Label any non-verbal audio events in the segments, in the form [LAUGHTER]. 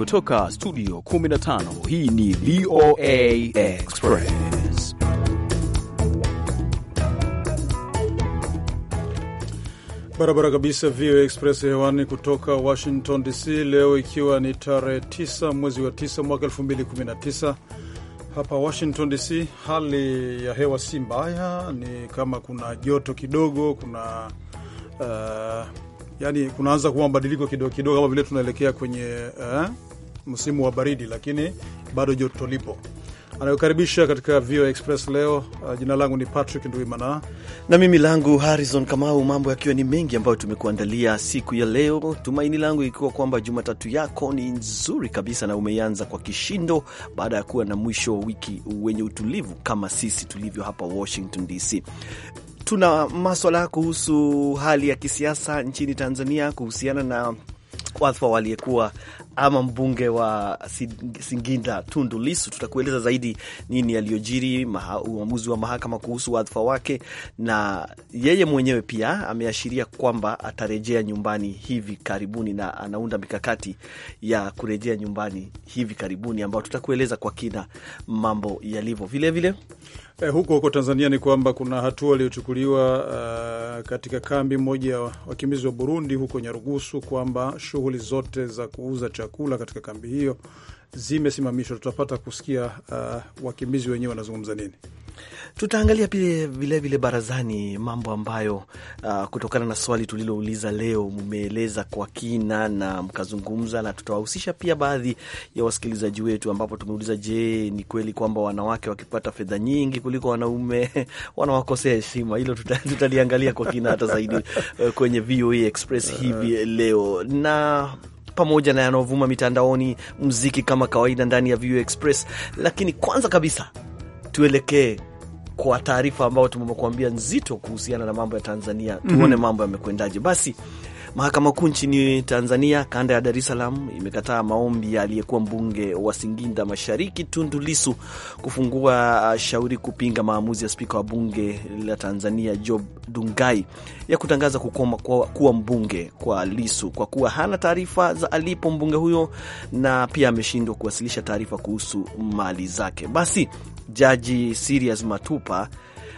kutoka studio 15 hii ni VOA Express. Barabara kabisa, VOA Express hewani kutoka Washington DC, leo ikiwa ni tarehe 9 mwezi wa 9 mwaka 2019. Hapa Washington DC hali ya hewa si mbaya, ni kama kuna joto kidogo, kuna uh, yani kunaanza kuwa mabadiliko kidogo kidogo, kama vile tunaelekea kwenye uh, msimu wa baridi, lakini bado joto lipo. Anayokaribisha katika VOA Express leo. Uh, jina langu ni Patrick Ndwimana na mimi langu Harrison Kamau, mambo yakiwa ni mengi ambayo tumekuandalia siku ya leo, tumaini langu ikiwa kwamba Jumatatu yako ni nzuri kabisa na umeanza kwa kishindo baada ya kuwa na mwisho wa wiki wenye utulivu kama sisi tulivyo hapa Washington DC. Tuna maswala kuhusu hali ya kisiasa nchini Tanzania kuhusiana na Kwathwa waliyekuwa ama mbunge wa singinda Tundu Lisu. Tutakueleza zaidi nini yaliyojiri, uamuzi wa mahakama kuhusu wadhifa wake, na yeye mwenyewe pia ameashiria kwamba atarejea nyumbani hivi karibuni na anaunda mikakati ya kurejea nyumbani hivi karibuni, ambao tutakueleza kwa kina mambo yalivyo vilevile Eh, huko huko Tanzania ni kwamba kuna hatua iliyochukuliwa uh, katika kambi moja ya wakimbizi wa Burundi huko Nyarugusu kwamba shughuli zote za kuuza chakula katika kambi hiyo zimesimamishwa. Tutapata kusikia uh, wakimbizi wenyewe wanazungumza nini. Tutaangalia pia vilevile barazani mambo ambayo uh, kutokana na swali tulilouliza leo mmeeleza kwa kina na mkazungumza, na tutawahusisha pia baadhi ya wasikilizaji wetu, ambapo tumeuliza, je, ni kweli kwamba wanawake wakipata fedha nyingi kuliko wanaume [LAUGHS] wanawakosea heshima? Hilo tutaliangalia kwa kina hata zaidi eh, kwenye VOA e Express hivi leo na pamoja na yanaovuma mitandaoni, mziki kama kawaida ndani ya VOA e Express. Lakini kwanza kabisa tuelekee kwa taarifa ambayo tumekuambia nzito kuhusiana na mambo ya Tanzania. Tuone mm -hmm. mambo yamekwendaje. Basi mahakama kuu nchini Tanzania kanda ya Dar es Salaam imekataa maombi ya aliyekuwa mbunge wa Singinda Mashariki Tundu Lisu kufungua uh, shauri kupinga maamuzi ya spika wa bunge la Tanzania Job Dungai ya kutangaza kukoma kwa, kuwa mbunge kwa Lisu kwa kuwa hana taarifa za alipo mbunge huyo na pia ameshindwa kuwasilisha taarifa kuhusu mali zake. Basi Jaji Sirius Matupa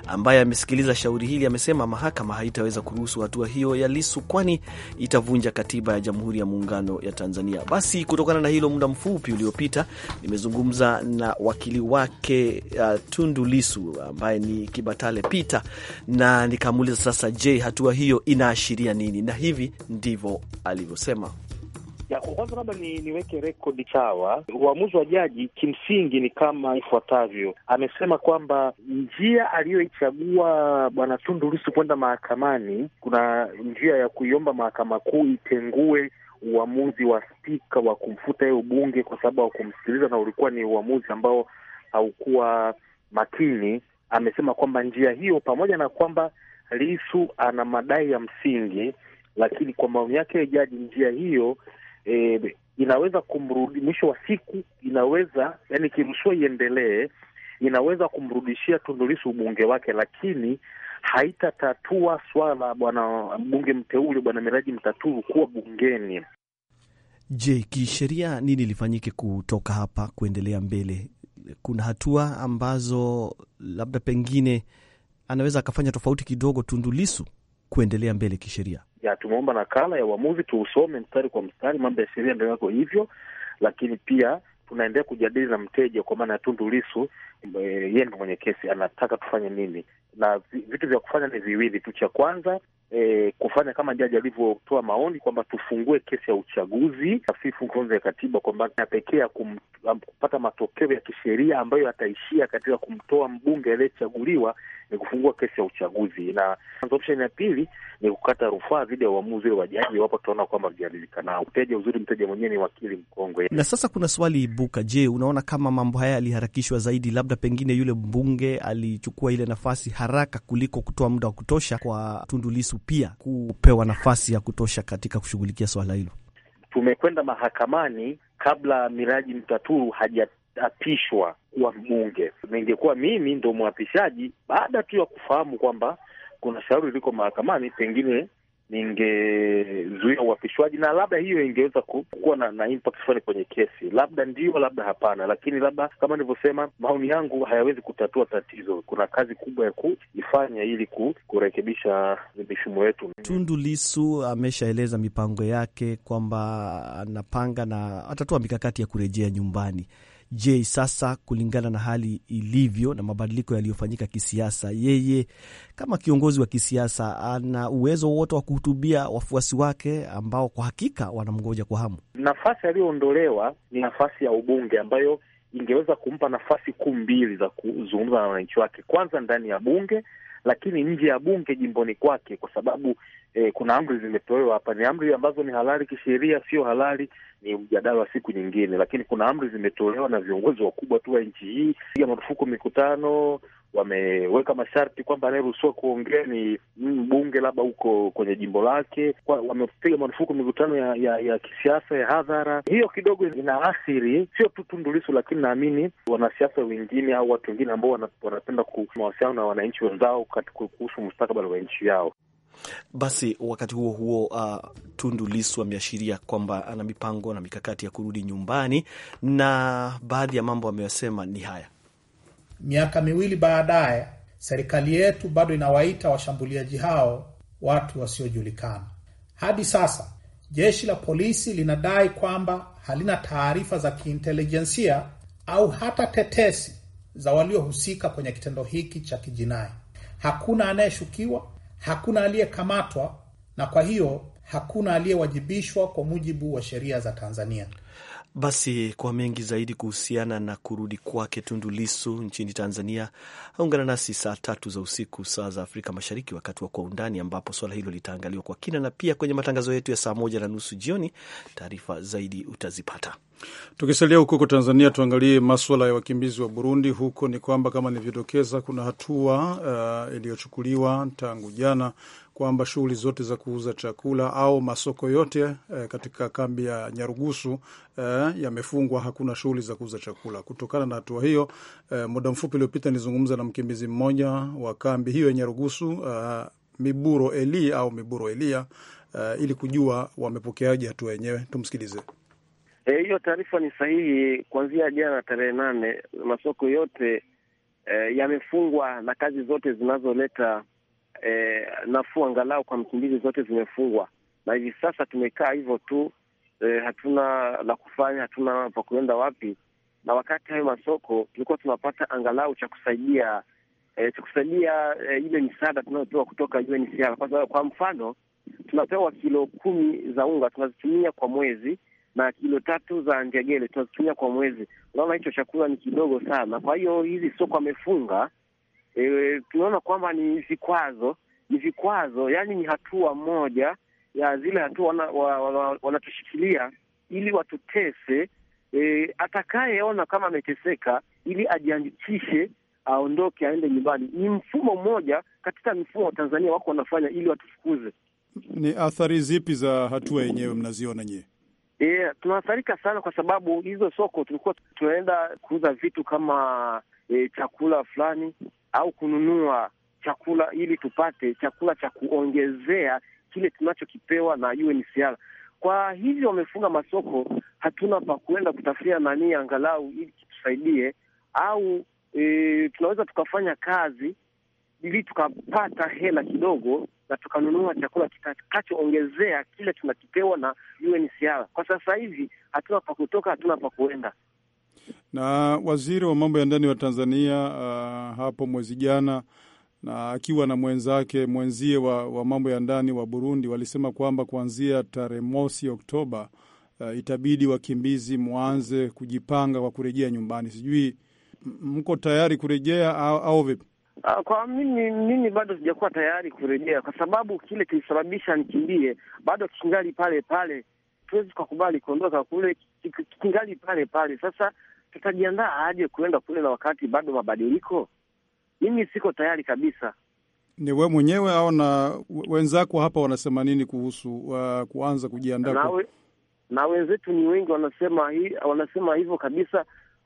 ambaye amesikiliza shauri hili amesema mahakama haitaweza kuruhusu hatua hiyo ya Lisu kwani itavunja katiba ya Jamhuri ya Muungano ya Tanzania. Basi kutokana na hilo, muda mfupi uliopita nimezungumza na wakili wake uh, Tundu Lisu ambaye ni Kibatale pita na nikamuuliza sasa, je, hatua hiyo inaashiria nini? Na hivi ndivyo alivyosema ya kwanza labda ni, niweke rekodi sawa. Uamuzi wa jaji kimsingi ni kama ifuatavyo. Amesema kwamba njia aliyoichagua bwana Tundu Lissu kwenda mahakamani, kuna njia ya kuiomba mahakama kuu itengue uamuzi wa spika wa kumfuta yeye ubunge kwa sababu hawakumsikiliza na ulikuwa ni uamuzi ambao haukuwa makini. Amesema kwamba njia hiyo, pamoja na kwamba Lissu ana madai ya msingi, lakini kwa maoni yake jaji, njia hiyo e, inaweza kumrudi, mwisho wa siku inaweza yani, ikiruhusiwa iendelee, inaweza kumrudishia tundulisu ubunge wake, lakini haitatatua swala la bwana mbunge mteule bwana Miraji mtatulu kuwa bungeni. Je, kisheria nini lifanyike kutoka hapa kuendelea mbele? Kuna hatua ambazo labda pengine anaweza akafanya tofauti kidogo tundulisu kuendelea mbele kisheria? ya tumeomba nakala ya uamuzi tuusome mstari kwa mstari, mambo ya sheria ndio yako hivyo, lakini pia tunaendelea kujadili na mteja kwa maana ya Tundu Lisu, e, yeye ndo mwenye kesi, anataka tufanye nini, na vitu vya kufanya ni viwili tu. Cha kwanza e, kufanya kama jaji alivyotoa maoni kwamba tufungue kesi ya uchaguzi hafifu Nkurunziza ya katiba, kwamba na pekee ya kupata matokeo ya kisheria ambayo yataishia katika kumtoa mbunge aliyechaguliwa ni kufungua kesi ya uchaguzi, na option ya pili ni kukata rufaa dhidi ya uamuzi wa jaji iwapo tutaona kwamba vijaridhikana. Uteja uzuri, mteja mwenyewe ni wakili mkongwe. Na sasa kuna swali ibuka, je, unaona kama mambo haya yaliharakishwa zaidi, labda pengine yule mbunge alichukua ile nafasi haraka kuliko kutoa muda wa kutosha kwa Tundu Lissu pia kupewa nafasi ya kutosha katika kushughulikia swala hilo? Tumekwenda mahakamani kabla Miraji Mtaturu haja apishwa kuwa mbunge. Ningekuwa mimi ndo mwapishaji, baada tu ya kufahamu kwamba kuna shauri liko mahakamani, pengine ningezuia uapishwaji, na labda hiyo ingeweza kuwa na, na impact fulani kwenye kesi, labda ndio, labda hapana. Lakini labda kama nilivyosema, maoni yangu hayawezi kutatua tatizo. Kuna kazi kubwa ya kuifanya ili kurekebisha mifumo yetu. Tundu Lisu ameshaeleza mipango yake kwamba anapanga na atatoa mikakati ya kurejea nyumbani. Je, sasa kulingana na hali ilivyo na mabadiliko yaliyofanyika kisiasa, yeye kama kiongozi wa kisiasa ana uwezo wote wa kuhutubia wafuasi wake ambao kwa hakika wanamngoja kwa hamu? Nafasi aliyoondolewa ni nafasi ya ubunge ambayo ingeweza kumpa nafasi kuu mbili za kuzungumza na wananchi wake, kwanza ndani ya bunge, lakini nje ya bunge jimboni kwake, kwa sababu eh, kuna amri zimetolewa hapa. Ni amri ambazo ni halali kisheria, sio halali ni mjadala wa siku nyingine, lakini kuna amri zimetolewa na viongozi wakubwa tu wa nchi hii, piga marufuku mikutano wameweka masharti kwamba anayeruhusiwa kuongea ni mbunge labda huko kwenye jimbo lake. Wamepiga marufuku mikutano ya, ya, ya kisiasa ya hadhara. Hiyo kidogo ina athiri sio tu Tundu Lissu, lakini naamini wanasiasa wengine au watu wengine ambao wanapenda mawasiliano na wananchi wenzao kuhusu mustakabali wa nchi yao. Basi wakati huo huo, uh, Tundu Lissu ameashiria kwamba ana mipango na mikakati ya kurudi nyumbani na baadhi ya mambo ameyosema ni haya Miaka miwili baadaye, serikali yetu bado inawaita washambuliaji hao watu wasiojulikana. Hadi sasa jeshi la polisi linadai kwamba halina taarifa za kiintelijensia au hata tetesi za waliohusika kwenye kitendo hiki cha kijinai. Hakuna anayeshukiwa, hakuna aliyekamatwa, na kwa hiyo hakuna aliyewajibishwa kwa mujibu wa sheria za Tanzania. Basi kwa mengi zaidi kuhusiana na kurudi kwake Tundu Lisu nchini Tanzania, aungana nasi saa tatu za usiku saa za Afrika Mashariki, wakati wa Kwa Undani, ambapo swala hilo litaangaliwa kwa kina, na pia kwenye matangazo yetu ya saa moja na nusu jioni taarifa zaidi utazipata. Tukisalia huko huko Tanzania, tuangalie maswala ya wakimbizi wa Burundi. Huko ni kwamba kama nilivyodokeza, kuna hatua uh, iliyochukuliwa tangu jana kwamba shughuli zote za kuuza chakula au masoko yote eh, katika kambi ya Nyarugusu eh, yamefungwa. Hakuna shughuli za kuuza chakula kutokana na hatua hiyo. Eh, muda mfupi uliopita nizungumza na mkimbizi mmoja wa kambi hiyo ya Nyarugusu eh, Miburo Eli au Miburo Elia eh, ili kujua wamepokeaje hatua yenyewe. Tumsikilize. Eh, hiyo e, taarifa ni sahihi. Kuanzia jana tarehe nane masoko yote e, yamefungwa na kazi zote zinazoleta eh, nafuu angalau kwa mkimbizi zote zimefungwa, na hivi sasa tumekaa hivyo tu eh, hatuna la kufanya, hatuna pa kuenda wapi. Na wakati hayo masoko tulikuwa tunapata angalau cha kusaidia eh, cha kusaidia eh, ile misaada tunayopewa kutoka UNHCR. Kwa, kwa mfano tunapewa kilo kumi za unga tunazitumia kwa mwezi na kilo tatu za njegele tunazitumia kwa mwezi. Unaona hicho chakula ni kidogo sana. Kwa hiyo hizi soko amefunga e, tunaona kwamba ni vikwazo, ni vikwazo, yaani ni hatua moja ya zile hatua wanatushikilia wana, wana ili watutese. E, atakayeona kama ameteseka ili ajiandikishe aondoke aende nyumbani. Ni mfumo mmoja katika mifumo wa Tanzania wako wanafanya ili watufukuze. Ni athari zipi za hatua yenyewe mnaziona nyewe? E, eh, tunaathirika sana kwa sababu hizo soko tulikuwa tunaenda kuuza vitu kama e, chakula fulani au kununua chakula ili tupate chakula cha kuongezea kile tunachokipewa na UNHCR. Kwa hivyo wamefunga masoko, hatuna pa kuenda kutafutia nani angalau ili kitusaidie, au e, tunaweza tukafanya kazi ili tukapata hela kidogo na tukanunua chakula kitakachoongezea kile tunakipewa na UNHCR. Kwa sasa hivi hatuna pa kutoka, hatuna pa kuenda na waziri wa mambo ya ndani wa Tanzania uh, hapo mwezi jana na akiwa na mwenzake mwenzie wa, wa mambo ya ndani wa Burundi walisema kwamba kuanzia tarehe mosi Oktoba uh, itabidi wakimbizi mwanze kujipanga kwa kurejea nyumbani. Sijui mko tayari kurejea au, au vipi? Ah, kwa mimi mimi bado sijakuwa tayari kurejea, kwa sababu kile kilisababisha nikimbie bado kingali pale pale, tuwezi kukubali kuondoka kule, kingali pale pale. Sasa tutajiandaa aje kuenda kule na wakati bado mabadiliko? Mimi siko tayari kabisa. Ni we mwenyewe au na wenzako hapa wanasema nini kuhusu uh, kuanza kujiandaa na, we, na wenzetu ni wengi wanasema hi, wanasema hivyo kabisa.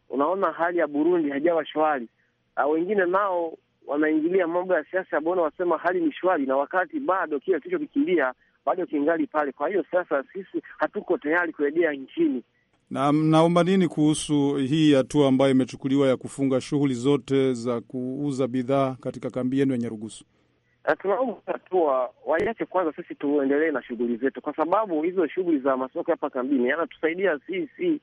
Unaona hali ya Burundi haijawa shwari. na wengine nao wanaingilia mambo ya siasa, bona wasema hali ni shwari, na wakati bado kile tulichokikimbia bado kingali pale. Kwa hiyo sasa sisi hatuko tayari kurejea nchini. Na naomba nini kuhusu hii hatua ambayo imechukuliwa ya kufunga shughuli zote za kuuza bidhaa katika kambi yenu ya Nyarugusu? Tunaomba hatua waiache kwanza, sisi tuendelee na shughuli zetu, kwa sababu hizo shughuli za masoko hapa kambini yanatusaidia sisi,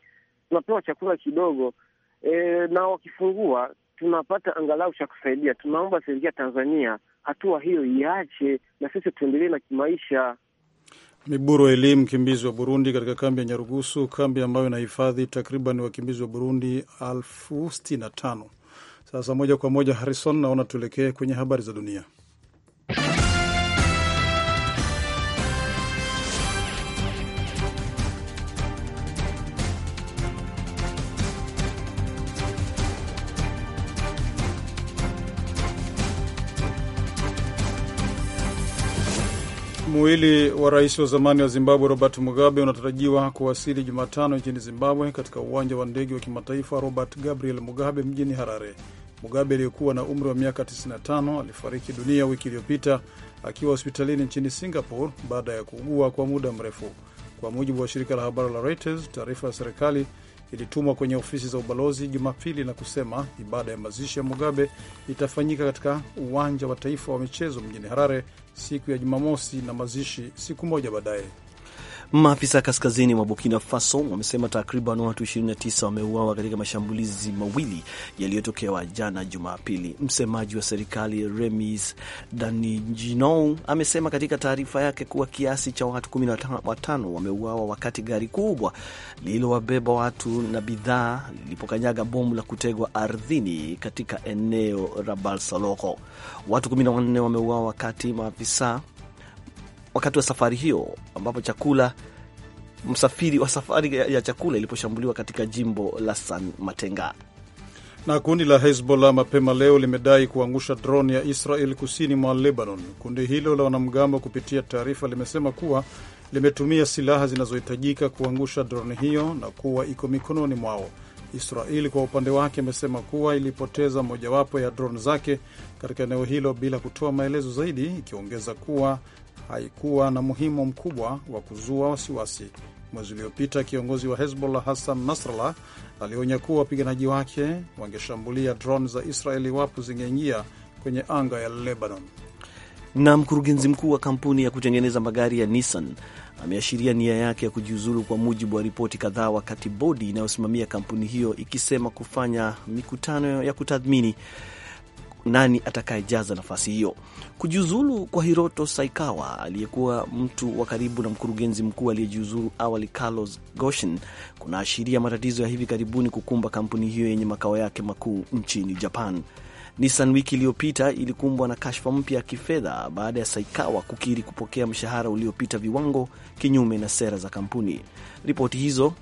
tunapewa chakula kidogo e, na wakifungua tunapata angalau cha kusaidia. Tunaomba serikali ya Tanzania hatua hiyo iache, na sisi tuendelee na kimaisha. Miburu Elim, mkimbizi wa Burundi katika kambi ya Nyarugusu, kambi ambayo inahifadhi takriban wakimbizi wa Burundi elfu sitini na tano. Sasa moja kwa moja, Harrison, naona tuelekee kwenye habari za dunia. mwili wa rais wa zamani wa Zimbabwe Robert Mugabe unatarajiwa kuwasili Jumatano nchini Zimbabwe katika uwanja wa ndege wa kimataifa Robert Gabriel Mugabe mjini Harare. Mugabe aliyekuwa na umri wa miaka 95 alifariki dunia wiki iliyopita akiwa hospitalini nchini Singapore baada ya kuugua kwa muda mrefu, kwa mujibu wa shirika la habari la Reuters. Taarifa ya serikali ilitumwa kwenye ofisi za ubalozi Jumapili na kusema ibada ya mazishi ya Mugabe itafanyika katika uwanja wa taifa wa michezo mjini Harare siku ya Jumamosi na mazishi siku moja baadaye. Maafisa kaskazini mwa Burkina Faso wamesema takriban watu 29 wameuawa katika mashambulizi mawili yaliyotokewa jana Jumapili. Msemaji wa serikali Remis Daniginou amesema katika taarifa yake kuwa kiasi cha watu 15 wameuawa wakati gari kubwa lililowabeba watu na bidhaa lilipokanyaga bomu la kutegwa ardhini katika eneo la Barsaloko. Watu 14 wameuawa wakati maafisa wakati wa safari hiyo ambapo chakula msafiri wa safari ya chakula iliposhambuliwa katika jimbo la San Matenga. Na kundi la Hezbollah mapema leo limedai kuangusha dron ya Israel kusini mwa Lebanon. Kundi hilo la wanamgambo kupitia taarifa limesema kuwa limetumia silaha zinazohitajika kuangusha droni hiyo na kuwa iko mikononi mwao. israel kwa upande wake imesema kuwa ilipoteza mojawapo ya drone zake katika eneo hilo bila kutoa maelezo zaidi, ikiongeza kuwa haikuwa na muhimu mkubwa wa kuzua wasiwasi. Mwezi uliopita kiongozi wa Hezbollah Hassan Nasrallah alionya kuwa wapiganaji wake wangeshambulia drone za Israeli iwapo zingeingia kwenye anga ya Lebanon. Na mkurugenzi mkuu wa kampuni ya kutengeneza magari ya Nissan ameashiria nia yake ya kujiuzulu, kwa mujibu wa ripoti kadhaa, wakati bodi inayosimamia kampuni hiyo ikisema kufanya mikutano ya kutathmini nani atakayejaza nafasi hiyo. Kujiuzulu kwa Hiroto Saikawa, aliyekuwa mtu wa karibu na mkurugenzi mkuu aliyejiuzulu awali Carlos Goshen, kunaashiria matatizo ya hivi karibuni kukumba kampuni hiyo yenye makao yake makuu nchini Japan. Nissan wiki iliyopita ilikumbwa na kashfa mpya ya kifedha baada ya Saikawa kukiri kupokea mshahara uliopita viwango, kinyume na sera za kampuni. Ripoti hizo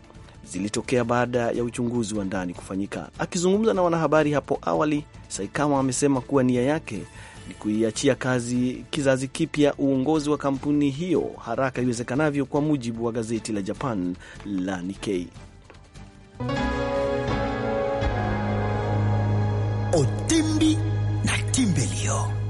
zilitokea baada ya uchunguzi wa ndani kufanyika. Akizungumza na wanahabari hapo awali, saikama amesema kuwa nia yake ni kuiachia kazi kizazi kipya uongozi wa kampuni hiyo haraka iwezekanavyo, kwa mujibu wa gazeti la Japan la Nikkei. Otimbi na Kimbelio.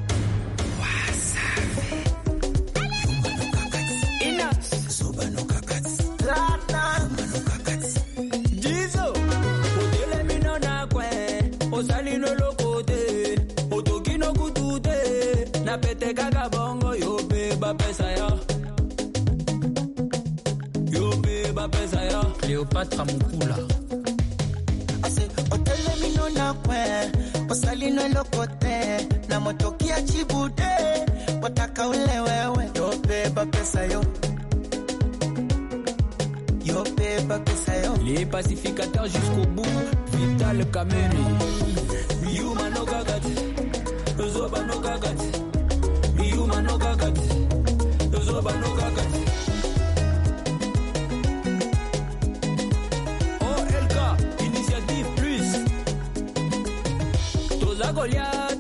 Cleopatra Mukula les pacificateurs jusqu'au bout, Vital Kameni Zoba no gagati, Zoba no gagati, Zoba no gagati Yeah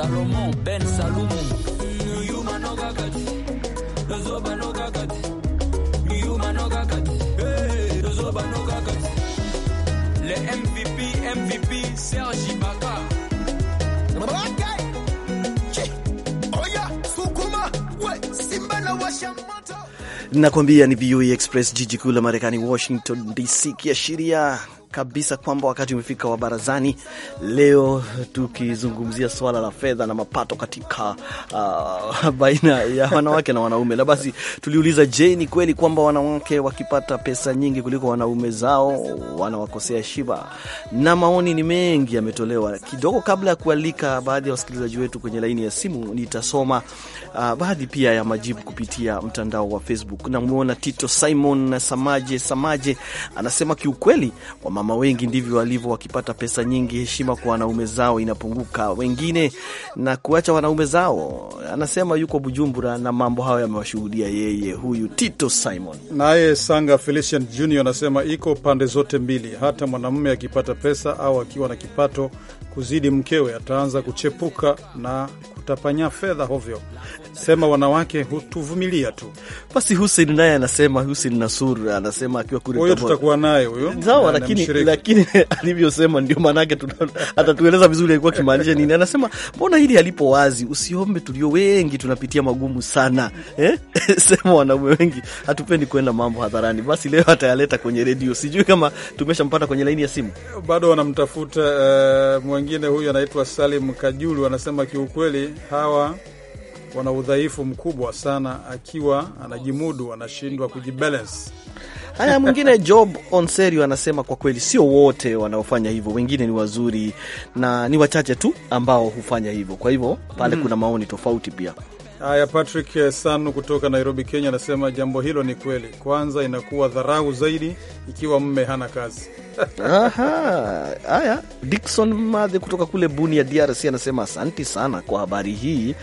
Salomon Ben Salomon. nakwambia ni VOA e Express, jiji kuu la Marekani, Washington DC, kiashiria kabisa kwamba wakati umefika wa barazani leo, tukizungumzia swala la fedha na mapato katika uh, [LAUGHS] baina ya wanawake na wanaume. Na basi tuliuliza, je, ni kweli kwamba wanawake wakipata pesa nyingi kuliko wanaume zao wanawakosea shiba? Na maoni ni mengi yametolewa. Kidogo kabla ya kualika baadhi ya wasikilizaji wetu kwenye laini ya simu, nitasoma uh, baadhi pia ya majibu kupitia mtandao wa Facebook. Namwona Tito Simon Samaje Samaje anasema kiukweli wa Mama wengi ndivyo walivyo, wakipata pesa nyingi, heshima kwa wanaume zao inapunguka, wengine na kuacha wanaume zao. Anasema yuko Bujumbura na mambo hayo yamewashuhudia yeye, huyu Tito Simon. Naye Sanga Felician Junior anasema iko pande zote mbili, hata mwanamume akipata pesa au akiwa na kipato kuzidi mkewe ataanza kuchepuka na kutapanya fedha hovyo sema wanawake hutuvumilia tu. Basi Hussein naye anasema, Hussein Nasur anasema akiwa kule, huyo tutakuwa naye huyo sawa, na, lakini lakini [LAUGHS] alivyosema ndio maanake atatueleza vizuri alikuwa kimaanisha nini. Anasema mbona hili halipo wazi, usiombe, tulio wengi tunapitia magumu sana eh? [LAUGHS] Sema wanaume wengi hatupendi kwenda mambo hadharani. Basi leo atayaleta kwenye redio, sijui kama tumeshampata kwenye laini ya simu, bado wanamtafuta. Uh, eh, mwengine huyu anaitwa Salim Kajulu anasema kiukweli hawa wana udhaifu mkubwa sana, akiwa anajimudu anashindwa kujibalance. Haya, mwingine Job Onserio anasema kwa kweli sio wote wanaofanya hivyo, wengine ni wazuri na ni wachache tu ambao hufanya hivyo. Kwa hivyo pale mm kuna maoni tofauti pia. Haya, Patrick Sanu kutoka Nairobi, Kenya anasema jambo hilo ni kweli. Kwanza inakuwa dharau zaidi ikiwa mme hana kazi Aha, haya. Dickson Madhe kutoka kule Buni ya DRC anasema asanti sana kwa habari hii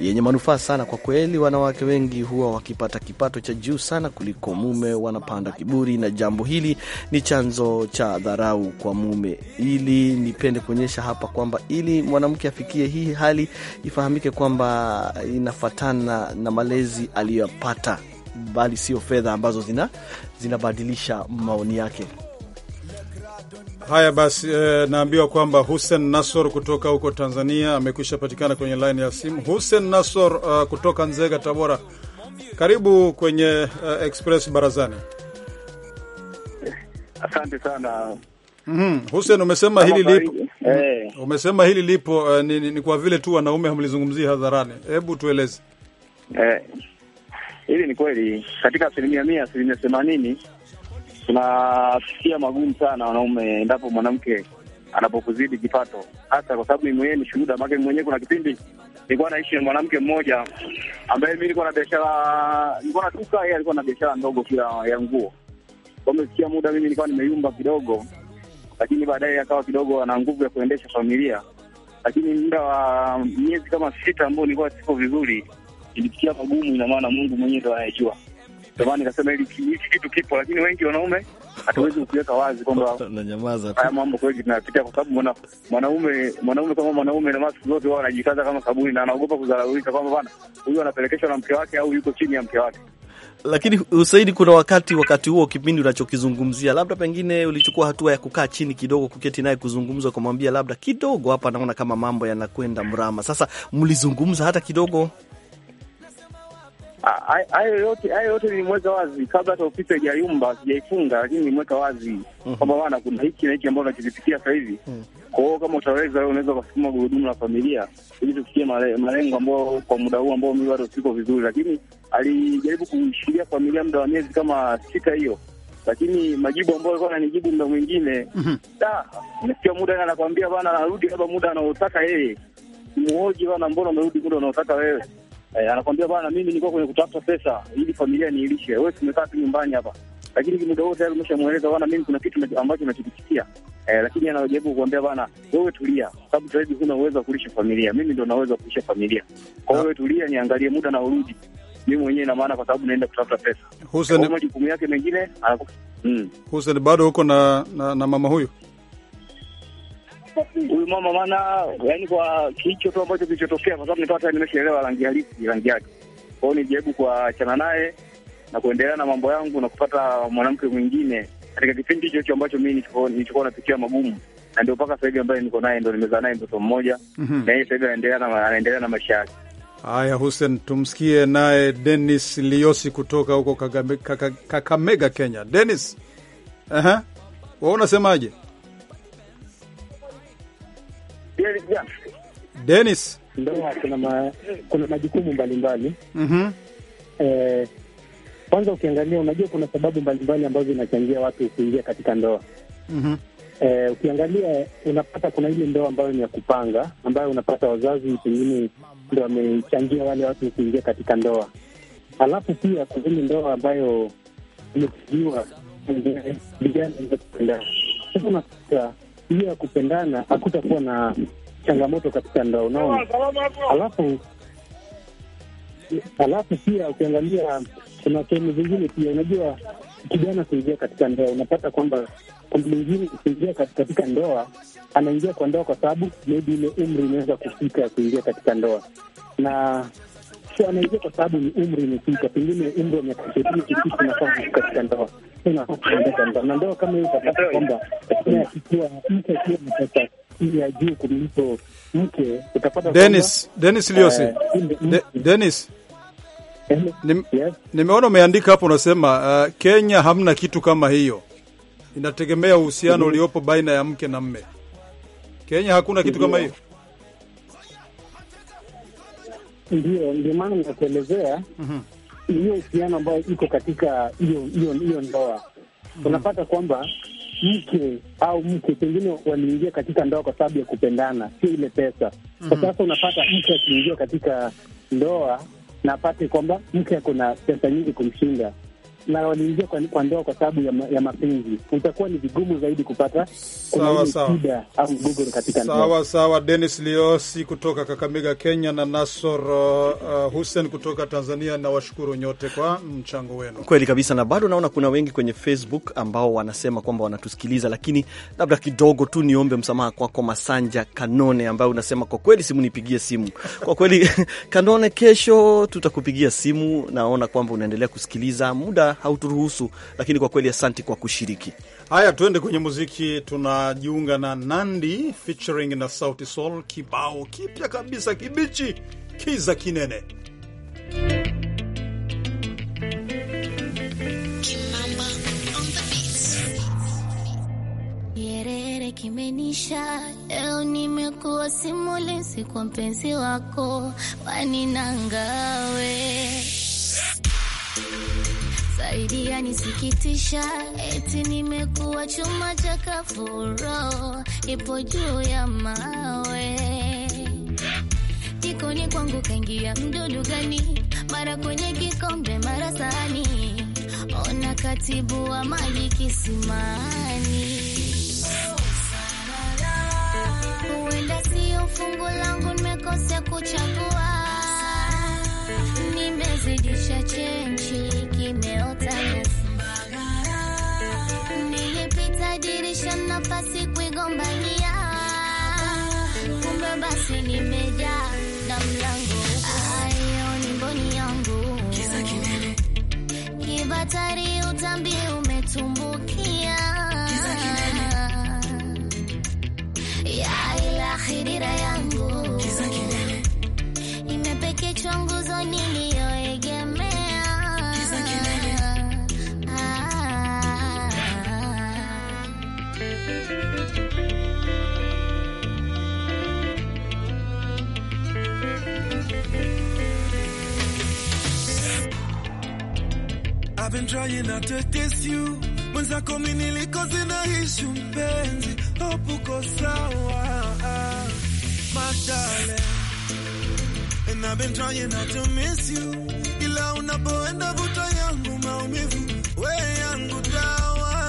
yenye manufaa sana kwa kweli. Wanawake wengi huwa wakipata kipato cha juu sana kuliko mume, wanapanda kiburi, na jambo hili ni chanzo cha dharau kwa mume. Ili nipende kuonyesha hapa kwamba ili mwanamke afikie hii hali, ifahamike kwamba inafatana na malezi aliyoyapata, bali sio fedha ambazo zina zinabadilisha maoni yake. Haya basi, eh, naambiwa kwamba Hussein Nasor kutoka huko Tanzania amekwisha patikana kwenye laini ya simu. Hussein Nasor, uh, kutoka Nzega, Tabora, karibu kwenye uh, Express Barazani. Asante sana. Mm -hmm. Hussein, umesema hili lipo hey. Eh. Mm-hmm. Umesema hili lipo uh, ni, ni, ni kwa vile tu wanaume hamlizungumzii hadharani, hebu tueleze Hey. Hili ni kweli katika asilimia mia asilimia themanini tunasikia magumu sana wanaume, endapo mwanamke anapokuzidi kipato, hasa kwa sababu mwenyewe ni shuhuda. Maana mwenyewe kuna kipindi nilikuwa naishi na mwanamke mmoja ambaye mi nilikuwa na biashara, nilikuwa duka, yeye alikuwa na biashara ndogo pia ya nguo. Kwa muda mimi nilikuwa nimeyumba kidogo, lakini baadaye akawa kidogo ana nguvu ya kuendesha familia. Lakini muda wa miezi kama sita ambao nilikuwa siko vizuri, nilipitia magumu, ina maana Mungu mwenyewe ndo anayejua. Ndio kasema nikasema hili kitu kipo, lakini wengi wanaume hatuwezi kuweka wazi kwamba haya mambo kweli tunapitia, kwa sababu mwanaume mwanaume kama mwanaume na masuala yote wao anajikaza kama sabuni, na anaogopa kudharaulika kwamba bana, huyu anapelekeshwa na mke wake au yuko chini ya mke wake. Lakini Usaidi, uh, kuna wakati wakati huo kipindi unachokizungumzia, labda pengine ulichukua hatua ya kukaa chini kidogo, kuketi naye kuzungumza, kumwambia labda kidogo, hapa naona kama mambo yanakwenda mrama. Sasa mlizungumza hata kidogo hayo yote hayo yote nilimweka wazi kabla hata ofisi haijayumba, sijaifunga, lakini nilimweka wazi mhm. kwamba bwana, kuna hiki na hiki ambao nakipitia sasa hivi. Mhm. Kwa hiyo kama utaweza wewe, unaweza ukasukuma gurudumu la familia ili tufikie malengo ambao kwa muda huu ambao mimi bado siko vizuri, lakini alijaribu kuishikilia familia muda wa miezi kama sita hiyo lakini majibu ambayo alikuwa ananijibu muda mwingine mhm. da, nafikia muda anakwambia bana, narudi labda muda anaotaka yeye. Muoji bana, mbona umerudi muda unaotaka wewe? eh, anakwambia bwana, mimi nilikuwa kwenye kutafuta pesa ili familia niilishe, wewe tumekaa tu nyumbani hapa, lakini muda wote tayari umeshamweleza bwana, mimi kuna kitu ambacho nakikisikia eh, lakini anajaribu kuambia bwana, wewe tulia, sababu zaidi huna uwezo wa kulisha familia, mimi ndo naweza kulisha familia, kwa hiyo wewe tulia, niangalie muda na urudi mimi mwenyewe, na maana kwa sababu naenda kutafuta pesa. Hussein, majukumu yake mengine anakuwa mm. Hussein, bado huko na, na, na mama huyu huyu mama, maana yani kwa kicho tu ambacho kilichotokea, kwa sababu nipata nimeshaelewa rangi halisi rangi yake. Kwa hiyo nilijaribu kuachana naye na kuendelea na mambo yangu na kupata mwanamke mwingine katika kipindi hicho hicho ambacho mimi nilichokuwa napitia magumu, na ndio mpaka sasa hivi ambaye niko naye, ndo nimezaa naye mtoto mmoja, mhm. na yeye sasa hivi anaendelea na maisha yake. Haya, Hussein, tumsikie naye Dennis Liosi kutoka huko Kakamega, Kenya. Dennis, wewe unasemaje? Dennis, ndio kuna ma, kuna majukumu mbalimbali mm-hmm. Eh, kwanza ukiangalia, unajua kuna sababu mbalimbali ambazo zinachangia watu kuingia katika ndoa mm-hmm. Eh, ukiangalia unapata kuna ile ndoa ambayo ni ya kupanga, ambayo unapata wazazi pengine ndio wamechangia wale watu kuingia katika ndoa. Alafu pia kuna ile ndoa ambayo imekujiwa vijana sasa, unapata hiyo ya kupendana hakutakuwa na changamoto katika ndoa, unaona. Alafu alafu pia ukiangalia kuna sehemu zingine pia, unajua kijana kuingia katika ndoa, unapata kwamba mwingine kuingia katika ndoa anaingia kwa ndoa kwa sababu maybe ile umri imeweza kufika ya kuingia katika ndoa, na sio anaingia kwa sababu ni umri imefika, pengine umri wa miaka ishirini kufika, nafaa katika ndoa na ndoa kama hiyo utapata kwamba akiwa ya juu kumliko mke utapata Dennis Dennis Liosi eh, Dennis nimeona umeandika hapo unasema, uh, Kenya hamna kitu kama hiyo, inategemea uhusiano mm-hmm. uliopo mm -hmm. baina ya mke na mme. Kenya hakuna kitu kama hiyo. Ndio, ndio maana nakuelezea mm -hmm hiyo uhusiano ambayo iko katika hiyo ndoa mm. unapata kwamba mke au mke pengine waliingia katika ndoa kwa sababu ya kupendana, sio ile pesa. Kwa mm-hmm. sasa unapata mke akiingia katika ndoa na apate kwamba mke ako na pesa nyingi kumshinda na waliingia kwa ndoa kwa sababu ya, ma, ya mapenzi, itakuwa ni vigumu zaidi kupata sawa shida au mgogoro katika ndoa. Sawa sawa. Dennis Liosi kutoka Kakamega, Kenya na Nasor uh, uh, Hussein kutoka Tanzania, na washukuru nyote kwa mchango wenu, kweli kabisa. Na bado naona kuna wengi kwenye Facebook ambao wanasema kwamba wanatusikiliza, lakini labda kidogo tu niombe msamaha kwako kwa Masanja Kanone ambaye unasema kwa kweli simu nipigie simu kwa kweli [LAUGHS] Kanone, kesho tutakupigia simu. Naona kwamba unaendelea kusikiliza muda hauturuhusu, lakini kwa kweli asanti kwa kushiriki. Haya, tuende kwenye muziki. Tunajiunga na Nandi featuring na Sauti Sol, kibao kipya kabisa kibichi, kiza kinene kimenisha leo, nimekuwa simulizi kwa mpenzi wako waninangawe saidia nisikitisha, eti nimekuwa chuma cha kafuro, ipo juu ya mawe jikoni kwangu kaingia mdudu gani? Mara kwenye kikombe, mara sahani, ona katibu wa maji kisimani. Huenda sio fungu langu, nimekosea kuchagua, nimezidisha chenchi imeota Mbagara, nilipita dirisha na kuigombania, kumbe basi nimejaa na mlango ayo ni mboni yangu kibatari utambi umetumbu I've been trying not to kiss you, mwenzako mimi niliko zinaishi mpenzi, hope uko sawa my darling, and I've been trying not to miss you, ila unapoenda vuta yangu maumivu, we yangu dawa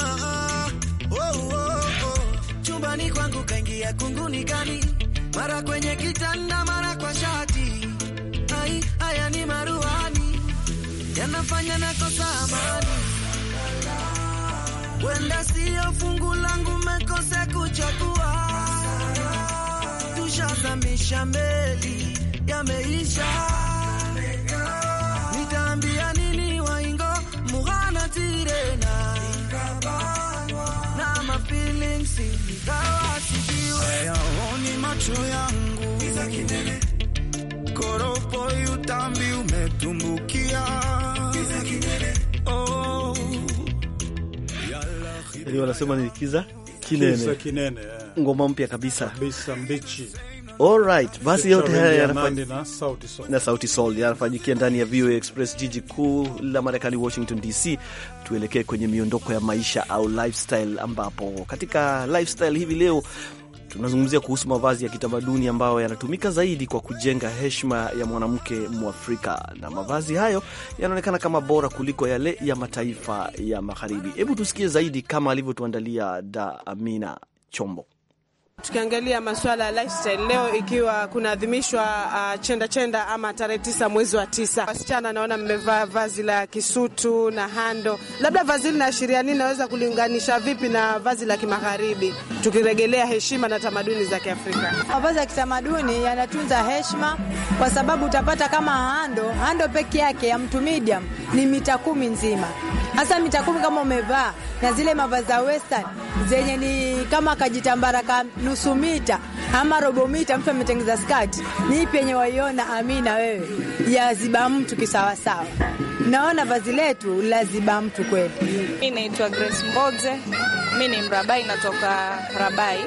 oh, oh, oh. Chumbani kwangu kaingia kunguni kani, mara kwenye kitanda, mara kwa shati, ai haya ni maru yanafanya na kosa amani, wenda sio fungu langu, mekose kuchagua. Tushazamisha meli, yameisha, nitaambia nini waingo mughana tirena na mafilings ayaoni macho yangu koropo yutambi umetumbuki hiyo wanasema ni kiza kinene, kiza kinene yeah. Ngoma mpya kabisa kabisa mbichi. basi yote haya yanafanyika na Sauti Sol yanafanyikia ndani ya VOA Express, jiji kuu la Marekani, Washington DC. Tuelekee kwenye miondoko ya maisha au lifestyle, ambapo katika lifestyle hivi leo Tunazungumzia kuhusu mavazi ya kitamaduni ambayo yanatumika zaidi kwa kujenga heshima ya mwanamke Mwafrika, na mavazi hayo yanaonekana kama bora kuliko yale ya mataifa ya Magharibi. Hebu tusikie zaidi, kama alivyotuandalia Da Amina Chombo. Tukiangalia masuala ya lifestyle leo, ikiwa kunaadhimishwa uh, chenda chenda ama tarehe tisa mwezi wa tisa, wasichana naona mmevaa vazi la kisutu na hando, labda vazi linaashiria nini? Naweza kulinganisha vipi na vazi la kimagharibi, tukiregelea heshima na tamaduni za Kiafrika? Mavazi ya kitamaduni yanatunza heshima, kwa sababu utapata kama hando, hando peke yake ya mtu medium ni mita kumi nzima Hasa mitakumi kama umevaa na zile mavazi za western zenye ni kama akajitambara ka nusu mita ama robo mita, mtu ametengeza skati, ni ipi yenye waiona Amina wewe yaziba mtu kisawasawa? Naona vazi letu laziba mtu kweli. Mi naitwa Grace Mboze, mi ni Mrabai, natoka Rabai.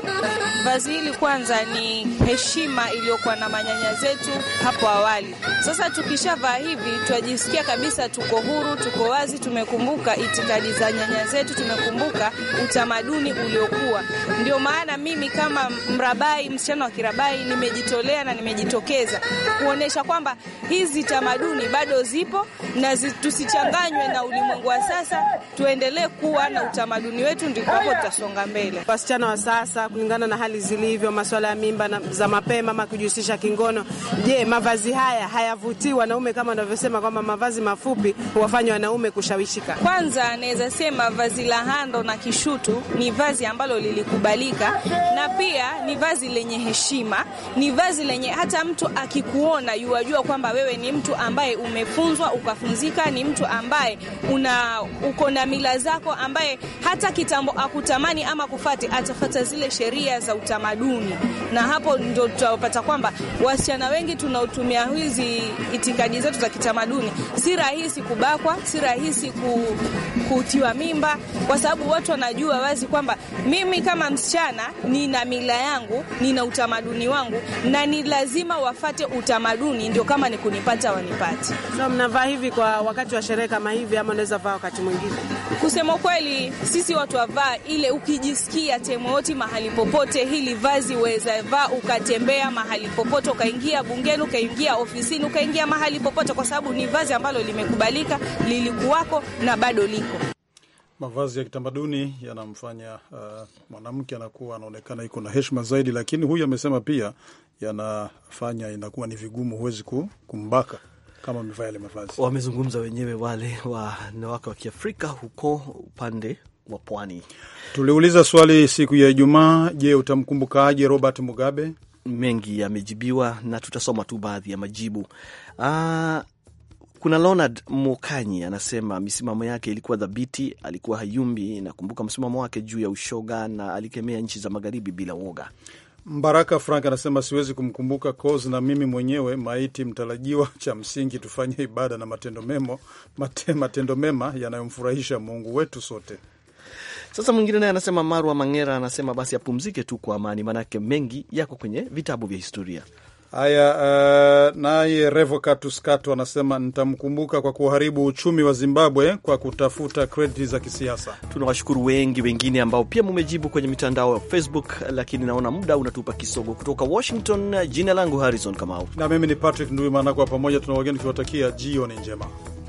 Vazi hili kwanza ni heshima iliyokuwa na manyanya zetu hapo awali. Sasa tukishavaa hivi, twajisikia kabisa tuko huru, tuko wazi, tumekumbuka itikadi za nyanya zetu, tumekumbuka utamaduni uliokuwa. Ndio maana mimi kama Mrabai, msichana wa Kirabai, nimejitolea na nimejitokeza kuonyesha kwamba hizi tamaduni bado zipo na zi tusichanganywe na ulimwengu wa sasa, tuendelee kuwa na utamaduni wetu, ndipo tutasonga mbele. Wasichana wa sasa, kulingana na hali zilivyo, masuala ya mimba na za mapema ama kujihusisha kingono, je, mavazi haya hayavutii wanaume kama wanavyosema kwamba mavazi mafupi huwafanya wanaume kushawishika? Kwanza naweza sema vazi la hando na kishutu ni vazi ambalo lilikubalika, na pia ni vazi lenye heshima, ni vazi lenye hata mtu akikuona yuwajua kwamba wewe ni mtu ambaye umefunzwa ukafunzika Mwafrika ni mtu ambaye una uko na mila zako, ambaye hata kitambo akutamani ama kufati atafata zile sheria za utamaduni, na hapo ndo tutapata kwamba wasichana wengi tunaotumia hizi itikadi zetu za kitamaduni, si rahisi kubakwa, si rahisi kutiwa mimba, kwa sababu watu wanajua wazi kwamba mimi kama msichana nina mila yangu, nina utamaduni wangu, na ni lazima wafate utamaduni, ndio kama ni kunipata wanipate. So mnavaa hivi kwa wakati wa sherehe kama hivi, ama unaweza vaa wakati mwingine? Kusema kweli, sisi watu wavaa ile ukijisikia temoti mahali popote, hili vazi uweza vaa ukatembea mahali popote, ukaingia bungeni, ukaingia ofisini, ukaingia mahali popote, kwa sababu ni vazi ambalo limekubalika, lilikuwako na bado liko. Mavazi ya kitamaduni yanamfanya uh, mwanamke anakuwa anaonekana iko na heshima zaidi, lakini huyu amesema pia yanafanya inakuwa ni vigumu, huwezi kumbaka kama wamevaa yale mavazi. Wamezungumza wenyewe wale wanawake wa Kiafrika huko upande wa pwani. Tuliuliza swali siku ya Ijumaa, je, utamkumbukaje Robert Mugabe? Mengi yamejibiwa na tutasoma tu baadhi ya majibu. Aa, ah, kuna Leonard Mokanyi anasema misimamo yake ilikuwa dhabiti alikuwa hayumbi. Nakumbuka msimamo wake juu ya ushoga na alikemea nchi za magharibi bila woga. Mbaraka Frank anasema siwezi kumkumbuka Cos na mimi mwenyewe maiti mtarajiwa. [LAUGHS] Cha msingi tufanye ibada na matendo memo, mate, matendo mema yanayomfurahisha Mungu wetu sote. Sasa mwingine naye anasema, Marwa Mangera anasema basi apumzike tu kwa amani, maanake mengi yako kwenye vitabu vya historia. Haya, uh, naye Revocatus Kato anasema nitamkumbuka kwa kuharibu uchumi wa Zimbabwe kwa kutafuta krediti za kisiasa. Tunawashukuru wengi wengine ambao pia mumejibu kwenye mitandao ya Facebook, lakini naona muda unatupa kisogo. Kutoka Washington, jina langu Harrison Kamau na mimi ni Patrick Nduimana, kwa pamoja tuna wageni tukiwatakia jioni njema.